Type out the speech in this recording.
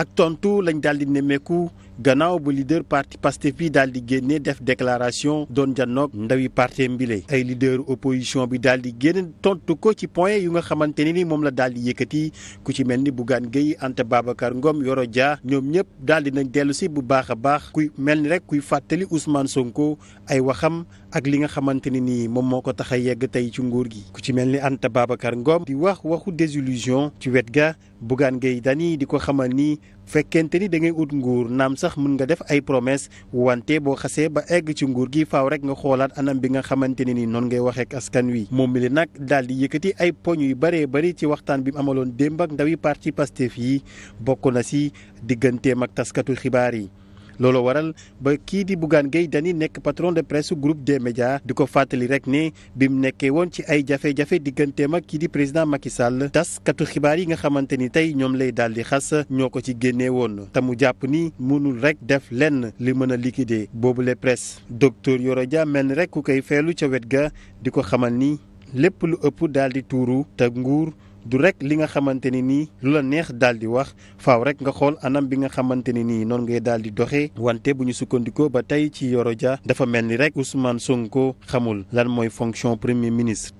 ak tontu lañ daal di nemmeeku gannaaw ba leader parti Pastef bi daal di génne def déclaration doon jannoog ndawi parti mbile ay leader opposition bi daal di génn tontu ko ci point yu nga xamante ne ni moom la daal di yëkkati ku ci mel ni Bougane Gueye Anta Babacar Ngom Yoro Dia ñoom ñëpp daal di nañ dellu si bu baax a baax kuy mel ni rek kuy fàttali Ousmane Sonko ay waxam ak li nga xamante ne ni moom moo ko tax a yegg tey ci nguur gi ku ci mel ni Anta Babacar ngoom di wax waxu désillusion ci wet ga Bougane Gueye Dany sax mën nga def ay promesse wante boo xasee ba egg ci nguur gi faaw rek nga xoolaat anam bi nga xamante ne ni noon ngay waxee ak wi moom mi li nag daal di yëkkati ay poñ yu bëree bëri ci waxtaan bi mu amaloon démb ak ndawi parti Pastef yi bokk na ci digganteem ak taskatu xibaar yi loolu waral ba kii di buggaan Gueye Dany nekk patron de presse groupe des média di ko fàttali rek ne bi mu nekkee woon ci ay jafe-jafe digganteem ak kii di président Macky Sall taskatu xibaar yi nga xamante ni tey ñoom lay daal di xas ñoo ko ci génnee woon te mu jàpp ni mënul rek def lenn li mën a liquider boobu le presse docteur Yoro Dia mel rek ku koy feelu ca wet ga di ko xamal ni lépp lu ëpp daal di tuuru te nguur du rek li nga xamante ni nii lu la neex daal di wax faaw rek nga xool anam bi nga xamante ne nii noonu ngay daal di doxee wante bu ñu sukkandiku ba tey ci Yoro ja dafa mel ni rek Ousmane Sonko xamul lan mooy fonction premier ministre